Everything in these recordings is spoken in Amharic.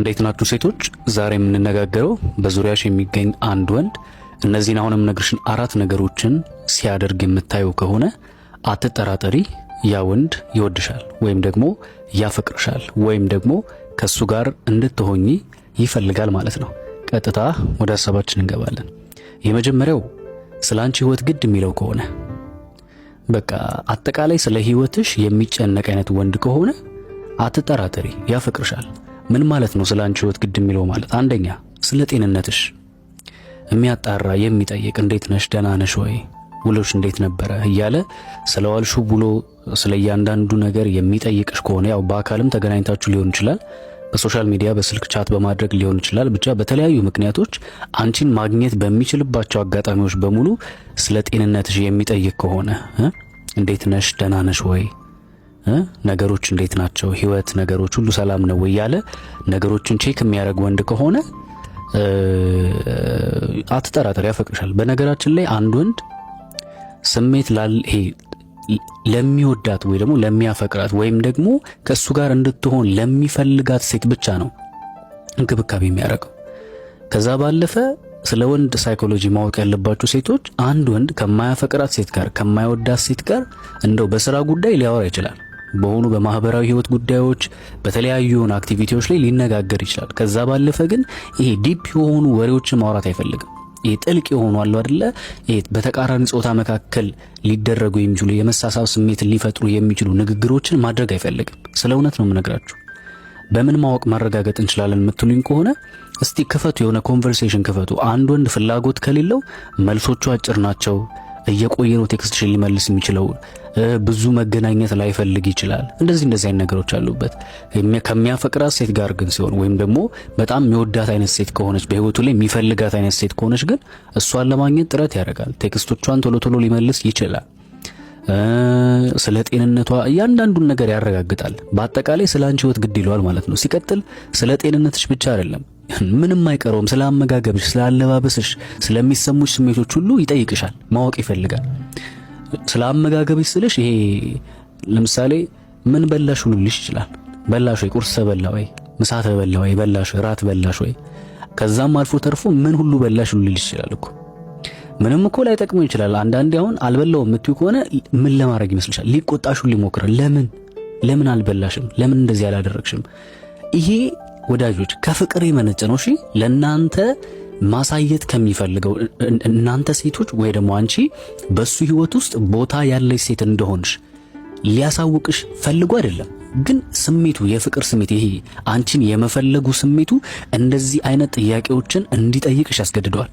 እንዴት ናችሁ ሴቶች? ዛሬ የምንነጋገረው በዙሪያሽ የሚገኝ አንድ ወንድ እነዚህን አሁንም ነግርሽን አራት ነገሮችን ሲያደርግ የምታየው ከሆነ አትጠራጠሪ፣ ያ ወንድ ይወድሻል ወይም ደግሞ ያፈቅርሻል ወይም ደግሞ ከሱ ጋር እንድትሆኚ ይፈልጋል ማለት ነው። ቀጥታ ወደ ሀሳባችን እንገባለን። የመጀመሪያው ስለ አንቺ ህይወት ግድ የሚለው ከሆነ በቃ አጠቃላይ ስለ ህይወትሽ የሚጨነቅ አይነት ወንድ ከሆነ አትጠራጠሪ፣ ያፈቅርሻል ምን ማለት ነው ስለ አንቺ ህይወት ግድ የሚለው ማለት? አንደኛ ስለ ጤንነትሽ የሚያጣራ የሚጠይቅ እንዴት ነሽ፣ ደህና ነሽ ወይ፣ ውሎሽ እንዴት ነበረ እያለ ስለ ዋልሹ ብሎ ስለ እያንዳንዱ ነገር የሚጠይቅሽ ከሆነ ያው በአካልም ተገናኝታችሁ ሊሆን ይችላል፣ በሶሻል ሚዲያ በስልክ ቻት በማድረግ ሊሆን ይችላል። ብቻ በተለያዩ ምክንያቶች አንቺን ማግኘት በሚችልባቸው አጋጣሚዎች በሙሉ ስለ ጤንነትሽ የሚጠይቅ ከሆነ እንዴት ነሽ፣ ደህና ነሽ ወይ ነገሮች እንዴት ናቸው፣ ህይወት፣ ነገሮች ሁሉ ሰላም ነው እያለ ነገሮችን ቼክ የሚያደርግ ወንድ ከሆነ አትጠራጠር፣ ያፈቅርሻል። በነገራችን ላይ አንድ ወንድ ስሜት ይሄ ለሚወዳት ወይ ደግሞ ለሚያፈቅራት ወይም ደግሞ ከእሱ ጋር እንድትሆን ለሚፈልጋት ሴት ብቻ ነው እንክብካቤ የሚያደርገው። ከዛ ባለፈ ስለ ወንድ ሳይኮሎጂ ማወቅ ያለባቸው ሴቶች አንድ ወንድ ከማያፈቅራት ሴት ጋር ከማይወዳት ሴት ጋር እንደው በስራ ጉዳይ ሊያወራ ይችላል። በሆኑ በማህበራዊ ህይወት ጉዳዮች በተለያዩ የሆኑ አክቲቪቲዎች ላይ ሊነጋገር ይችላል። ከዛ ባለፈ ግን ይሄ ዲፕ የሆኑ ወሬዎችን ማውራት አይፈልግም። ይሄ ጥልቅ የሆኑ አሉ አይደለ? ይሄ በተቃራኒ ጾታ መካከል ሊደረጉ የሚችሉ የመሳሳብ ስሜትን ሊፈጥሩ የሚችሉ ንግግሮችን ማድረግ አይፈልግም። ስለ እውነት ነው የምነግራችሁ። በምን ማወቅ ማረጋገጥ እንችላለን የምትሉኝ ከሆነ እስቲ ክፈቱ፣ የሆነ ኮንቨርሴሽን ክፈቱ። አንድ ወንድ ፍላጎት ከሌለው መልሶቹ አጭር ናቸው። እየቆየ ነው ቴክስትሽን ሊመልስ የሚችለው ብዙ መገናኘት ላይፈልግ ይችላል። እንደዚህ እንደዚህ አይነት ነገሮች አሉበት። ከሚያፈቅራት ሴት ጋር ግን ሲሆን ወይም ደግሞ በጣም የሚወዳት አይነት ሴት ከሆነች በህይወቱ ላይ የሚፈልጋት አይነት ሴት ከሆነች ግን እሷን ለማግኘት ጥረት ያደርጋል። ቴክስቶቿን ቶሎ ቶሎ ሊመልስ ይችላል። ስለ ጤንነቷ እያንዳንዱን ነገር ያረጋግጣል። በአጠቃላይ ስለ አንቺ ህይወት ግድ ይለዋል ማለት ነው። ሲቀጥል ስለ ጤንነትሽ ብቻ አይደለም፣ ምንም አይቀረውም። ስለ አመጋገብሽ፣ ስለ አለባበስሽ፣ ስለሚሰሙሽ ስሜቶች ሁሉ ይጠይቅሻል፣ ማወቅ ይፈልጋል። ስለ አመጋገብሽ ስልሽ ይሄ ለምሳሌ ምን በላሽ ሁሉ ልጅ ይችላል። በላሽ ወይ ቁርስ ተበላ ወይ ምሳ ተበላ ወይ በላሽ ወይ ራት በላሽ ወይ ከዛም አልፎ ተርፎ ምን ሁሉ በላሽ ሁሉ ይችላል እኮ ምንም እኮ ላይ ጠቅሞ ይችላል። አንዳንዴ አሁን አልበላውም የምትይው ከሆነ ምን ለማድረግ ይመስልሻል? ሊቆጣሽ ሁሉ ይሞክራል። ለምን ለምን አልበላሽም? ለምን እንደዚህ አላደረግሽም? ይሄ ወዳጆች ከፍቅር የመነጨ ነው። እሺ ለእናንተ ማሳየት ከሚፈልገው እናንተ ሴቶች ወይ ደግሞ አንቺ በሱ ህይወት ውስጥ ቦታ ያለች ሴት እንደሆንሽ ሊያሳውቅሽ ፈልጎ አይደለም። ግን ስሜቱ የፍቅር ስሜት ይሄ አንቺን የመፈለጉ ስሜቱ እንደዚህ አይነት ጥያቄዎችን እንዲጠይቅሽ ያስገድደዋል።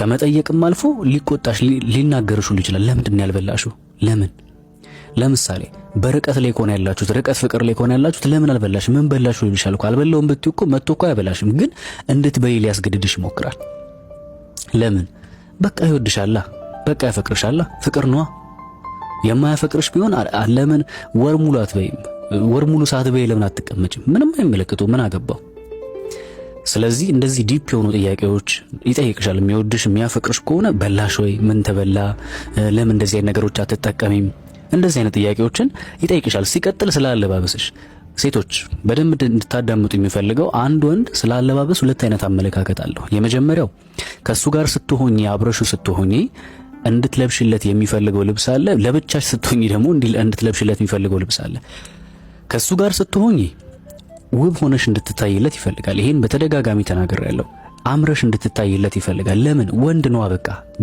ከመጠየቅም አልፎ ሊቆጣሽ፣ ሊናገርሽ ይችላል። ለምንድን ያልበላሽው? ለምን ለምሳሌ በርቀት ላይ ከሆነ ያላችሁት ርቀት ፍቅር ላይ ከሆነ ያላችሁት ለምን አልበላሽ ምን በላሽ ይልሻል እኮ አልበላውም ብትይ እኮ መጥቶ እኮ አይበላሽም ግን እንድትበይ ሊያስገድድሽ ይሞክራል ለምን በቃ ይወድሻላ በቃ ያፈቅርሻላ ፍቅር ነዋ የማያፈቅርሽ ቢሆን ለምን ወር ሙሉ አትበይም ወር ሙሉ ሳትበይ ለምን አትቀመጭም ምንም አይመለከቱ ምን አገባው ስለዚህ እንደዚህ ዲፕ የሆኑ ጥያቄዎች ይጠይቅሻል። የሚወድሽ የሚያፈቅርሽ ከሆነ በላሽ ወይ ምን ተበላ፣ ለምን እንደዚህ አይነት ነገሮች አትጠቀሚም እንደዚህ አይነት ጥያቄዎችን ይጠይቅሻል። ሲቀጥል ስለ አለባበስሽ ሴቶች በደንብ እንድታዳምጡ የሚፈልገው አንድ ወንድ ስለ አለባበስ ሁለት አይነት አመለካከት አለው። የመጀመሪያው ከእሱ ጋር ስትሆኝ አብረሹ ስትሆኝ እንድትለብሽለት የሚፈልገው ልብስ አለ። ለብቻሽ ስትሆኝ ደግሞ እንድትለብሽለት የሚፈልገው ልብስ አለ። ከእሱ ጋር ስትሆኝ ውብ ሆነሽ እንድትታይለት ይፈልጋል። ይህን በተደጋጋሚ ተናግሬያለሁ። አምረሽ እንድትታይለት ይፈልጋል። ለምን ወንድ ነዋ።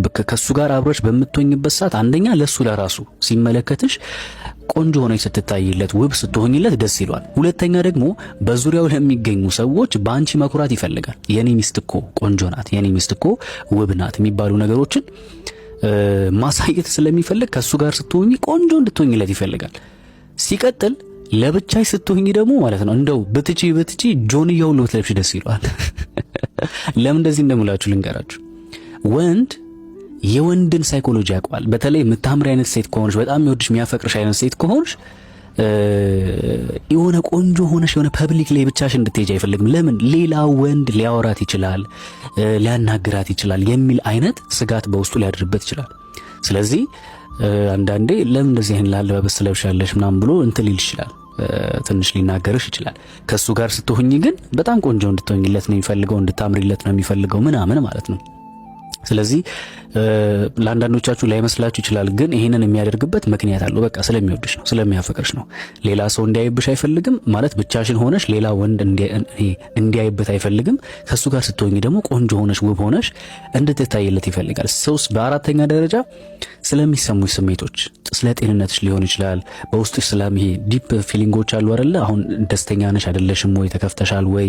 በቃ ከሱ ጋር አብረሽ በምትሆኝበት ሰዓት አንደኛ ለሱ ለራሱ ሲመለከትሽ ቆንጆ ሆነች ስትታይለት፣ ውብ ስትሆኝለት ደስ ይለዋል። ሁለተኛ ደግሞ በዙሪያው ለሚገኙ ሰዎች በአንቺ መኩራት ይፈልጋል። የኔ ሚስት እኮ ቆንጆ ናት፣ የኔ ሚስት እኮ ውብ ናት የሚባሉ ነገሮችን ማሳየት ስለሚፈልግ ከሱ ጋር ስትሆኝ ቆንጆ እንድትሆኝለት ይፈልጋል። ሲቀጥል ለብቻሽ ስትሆኝ ደግሞ ማለት ነው እንደው ብትቺ ብትቺ ጆንያውን ልትለብሽ ደስ ይለዋል። ለምን እንደዚህ እንደምላችሁ ልንገራችሁ። ወንድ የወንድን ሳይኮሎጂ ያውቀዋል። በተለይ የምታምር አይነት ሴት ከሆንሽ፣ በጣም የሚወድሽ የሚያፈቅርሽ አይነት ሴት ከሆንሽ የሆነ ቆንጆ ሆነሽ የሆነ ፐብሊክ ላይ ብቻሽ እንድትሄጅ አይፈልግም። ለምን ሌላ ወንድ ሊያወራት ይችላል፣ ሊያናግራት ይችላል የሚል አይነት ስጋት በውስጡ ሊያድርበት ይችላል። ስለዚህ አንዳንዴ ለምን እንደዚህ ይህን ላለባበስ ለብሻለሽ ምናምን ብሎ እንትን ሊል ይችላል። ትንሽ ሊናገርሽ ይችላል። ከእሱ ጋር ስትሆኝ ግን በጣም ቆንጆ እንድትሆኝለት ነው የሚፈልገው፣ እንድታምሪለት ነው የሚፈልገው ምናምን ማለት ነው። ስለዚህ ለአንዳንዶቻችሁ ላይመስላችሁ ይችላል፣ ግን ይህንን የሚያደርግበት ምክንያት አለው። በቃ ስለሚወድሽ ነው፣ ስለሚያፈቅርሽ ነው። ሌላ ሰው እንዲያይብሽ አይፈልግም ማለት ብቻሽን ሆነሽ ሌላ ወንድ እንዲያይበት አይፈልግም። ከእሱ ጋር ስትሆኝ ደግሞ ቆንጆ ሆነሽ ውብ ሆነሽ እንድትታይለት ይፈልጋል። ሰውስ በአራተኛ ደረጃ ስለሚሰሙሽ ስሜቶች ስለ ጤንነትሽ ሊሆን ይችላል። በውስጥሽ ስላም ይሄ ዲፕ ፊሊንጎች አሉ አይደለ? አሁን ደስተኛ ነሽ አይደለሽም ወይ ተከፍተሻል ወይ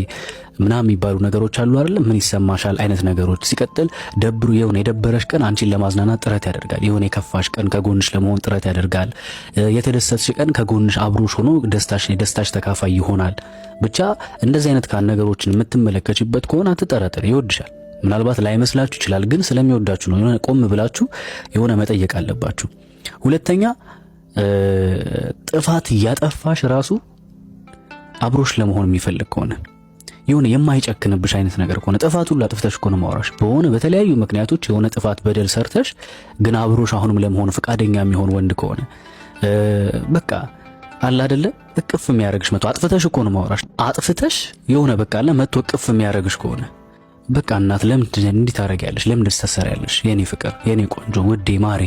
ምናምን የሚባሉ ነገሮች አሉ አይደለ? ምን ይሰማሻል አይነት ነገሮች። ሲቀጥል ደብሩ የሆነ የደበረሽ ቀን አንቺን ለማዝናናት ጥረት ያደርጋል። የሆነ የከፋሽ ቀን ከጎንሽ ለመሆን ጥረት ያደርጋል። የተደሰትሽ ቀን ከጎንሽ አብሮሽ ሆኖ ደስታሽ ደስታሽ ተካፋይ ይሆናል። ብቻ እንደዚህ አይነት ካን ነገሮችን የምትመለከችበት ከሆነ አትጠረጥር፣ ይወድሻል። ምናልባት ላይመስላችሁ ይችላል፣ ግን ስለሚወዳችሁ ነው። የሆነ ቆም ብላችሁ የሆነ መጠየቅ አለባችሁ። ሁለተኛ ጥፋት እያጠፋሽ ራሱ አብሮሽ ለመሆን የሚፈልግ ከሆነ የሆነ የማይጨክንብሽ አይነት ነገር ከሆነ ጥፋት ሁሉ አጥፍተሽ ከሆነ ማውራሽ በሆነ በተለያዩ ምክንያቶች የሆነ ጥፋት በደል ሰርተሽ ግን አብሮሽ አሁንም ለመሆን ፈቃደኛ የሚሆን ወንድ ከሆነ በቃ አለ አይደለ እቅፍ የሚያደርግሽ መቶ አጥፍተሽ እኮ ነው ማውራሽ አጥፍተሽ የሆነ በቃ አለ መቶ እቅፍ የሚያደርግሽ ከሆነ በቃ እናት ለምን እንዲህ ታደርጊያለሽ? ለምንድን ትሰሪያለሽ? የኔ ፍቅር፣ የኔ ቆንጆ፣ ውዴ፣ ማሬ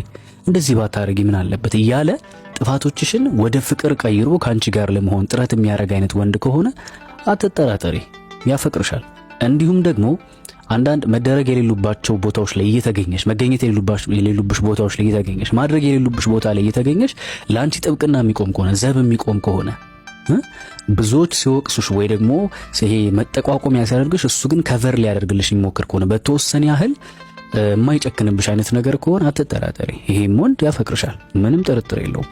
እንደዚህ ባታረጊ ምን አለበት እያለ ጥፋቶችሽን ወደ ፍቅር ቀይሮ ከአንቺ ጋር ለመሆን ጥረት የሚያደርግ አይነት ወንድ ከሆነ አትጠራጠሪ፣ ያፈቅርሻል። እንዲሁም ደግሞ አንዳንድ መደረግ የሌሉባቸው ቦታዎች ላይ እየተገኘሽ መገኘት የሌሉብሽ ቦታዎች ላይ እየተገኘሽ ማድረግ የሌሉብሽ ቦታ ላይ እየተገኘሽ ለአንቺ ጥብቅና የሚቆም ከሆነ ዘብ የሚቆም ከሆነ ብዙዎች ሲወቅሱሽ ወይ ደግሞ ይሄ መጠቋቆም ያሲያደርግሽ እሱ ግን ከቨር ሊያደርግልሽ የሚሞክር ከሆነ በተወሰነ ያህል የማይጨክንብሽ አይነት ነገር ከሆነ አትጠራጠሪ፣ ይሄም ወንድ ያፈቅርሻል፣ ምንም ጥርጥር የለውም።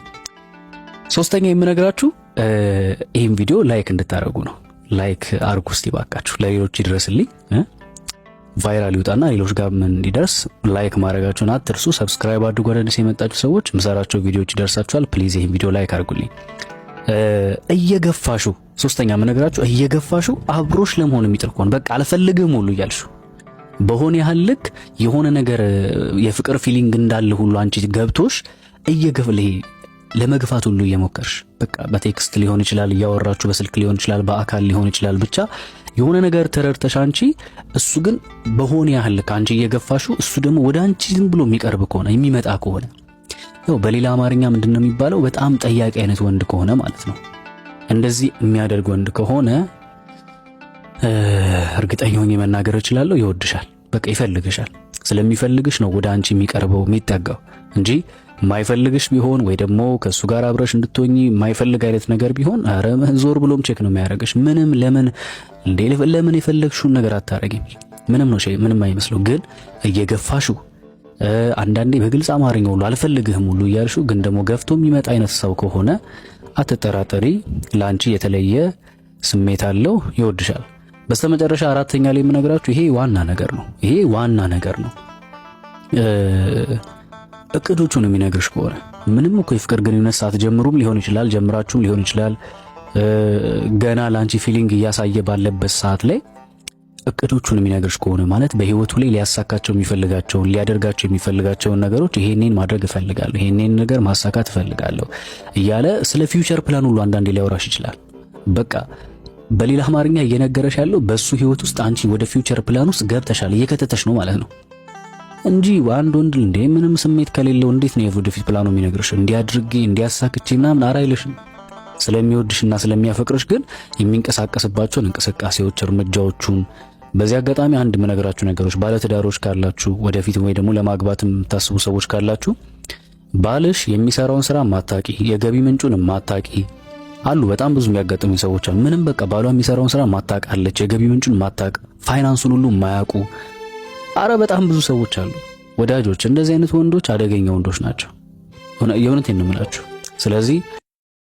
ሶስተኛ የምነግራችሁ ይህም ቪዲዮ ላይክ እንድታደርጉ ነው። ላይክ አርጉ እስቲ ባካችሁ፣ ለሌሎች ይድረስልኝ፣ ቫይራል ይውጣና ሌሎች ጋር ምን እንዲደርስ ላይክ ማድረጋችሁን አትርሱ። ሰብስክራይብ አድርጉ። አዳዲስ የመጣችሁ ሰዎች ምሰራቸው ቪዲዮዎች ይደርሳችኋል። ፕሊዝ ይህም ቪዲዮ ላይክ አርጉልኝ። እየገፋሹ ሶስተኛ የምነግራችሁ እየገፋሹ አብሮሽ ለመሆን የሚጥር ከሆነ በቃ አልፈልግም ሁሉ እያልሹ በሆነ ያህል ልክ የሆነ ነገር የፍቅር ፊሊንግ እንዳለ ሁሉ አንቺ ገብቶሽ እየገፍልሄ ለመግፋት ሁሉ እየሞከርሽ በቃ በቴክስት ሊሆን ይችላል፣ እያወራችሁ በስልክ ሊሆን ይችላል፣ በአካል ሊሆን ይችላል። ብቻ የሆነ ነገር ተረድተሽ አንቺ እሱ ግን በሆነ ያህል ልክ አንቺ እየገፋሽው እሱ ደግሞ ወደ አንቺ ዝም ብሎ የሚቀርብ ከሆነ የሚመጣ ከሆነ ያው በሌላ አማርኛ ምንድን ነው የሚባለው? በጣም ጠያቂ አይነት ወንድ ከሆነ ማለት ነው። እንደዚህ የሚያደርግ ወንድ ከሆነ እርግጠኛ ሆኜ መናገር እችላለሁ። ይወድሻል፣ በቃ ይፈልግሻል። ስለሚፈልግሽ ነው ወደ አንቺ የሚቀርበው የሚጠጋው እንጂ ማይፈልግሽ ቢሆን ወይ ደግሞ ከእሱ ጋር አብረሽ እንድትሆኚ ማይፈልግ አይነት ነገር ቢሆን ኧረ ዞር ብሎም ቼክ ነው የሚያደርግሽ። ምንም ለምን ለምን የፈለግሽውን ነገር አታረጊም። ምንም ነው ምንም አይመስለው። ግን እየገፋሽው አንዳንዴ በግልጽ አማርኛ ሁሉ አልፈልግህም ሁሉ እያልሽው ግን ደግሞ ገፍቶ የሚመጣ አይነት ሰው ከሆነ አትጠራጠሪ፣ ለአንቺ የተለየ ስሜት አለው፣ ይወድሻል። በስተመጨረሻ አራተኛ ላይ የምነግራችሁ ይሄ ዋና ነገር ነው። ይሄ ዋና ነገር ነው። እቅዶቹን የሚነግርሽ ከሆነ ምንም እኮ የፍቅር ግንኙነት ሳትጀምሩም ሊሆን ይችላል፣ ጀምራችሁም ሊሆን ይችላል። ገና ለአንቺ ፊሊንግ እያሳየ ባለበት ሰዓት ላይ እቅዶቹን የሚነግርሽ ከሆነ ማለት በህይወቱ ላይ ሊያሳካቸው የሚፈልጋቸውን ሊያደርጋቸው የሚፈልጋቸውን ነገሮች ይሄንን ማድረግ እፈልጋለሁ፣ ይሄንን ነገር ማሳካት እፈልጋለሁ እያለ ስለ ፊውቸር ፕላን ሁሉ አንዳንዴ ሊያወራሽ ይችላል። በቃ በሌላ አማርኛ እየነገረሽ ያለው በሱ ህይወት ውስጥ አንቺ ወደ ፊውቸር ፕላን ውስጥ ገብተሻል፣ እየከተተሽ ነው ማለት ነው እንጂ አንድ ወንድ እንዴ ምንም ስሜት ከሌለው እንዴት ነው የወደፊት ፕላኑ የሚነግርሽ? እንዲያድርጌ እንዲያሳክቼ ምናምን አራይልሽም። ስለሚወድሽና ስለሚያፈቅርሽ ግን የሚንቀሳቀስባቸውን እንቅስቃሴዎች፣ እርምጃዎቹን በዚህ አጋጣሚ አንድ የምነግራችሁ ነገሮች ባለትዳሮች ካላችሁ ወደፊት ወይ ደግሞ ለማግባት የምታስቡ ሰዎች ካላችሁ ባልሽ የሚሰራውን ስራ ማታቂ፣ የገቢ ምንጩን ማታቂ አሉ። በጣም ብዙ የሚያጋጥሙ ሰዎች አሉ። ምንም በቃ ባሏ የሚሰራውን ስራ ማታቅ አለች፣ የገቢ ምንጩን ማታቅ፣ ፋይናንሱን ሁሉ ማያውቁ። አረ በጣም ብዙ ሰዎች አሉ። ወዳጆች፣ እንደዚህ አይነት ወንዶች አደገኛ ወንዶች ናቸው። የእውነቴን ነው የምላችሁ። ስለዚህ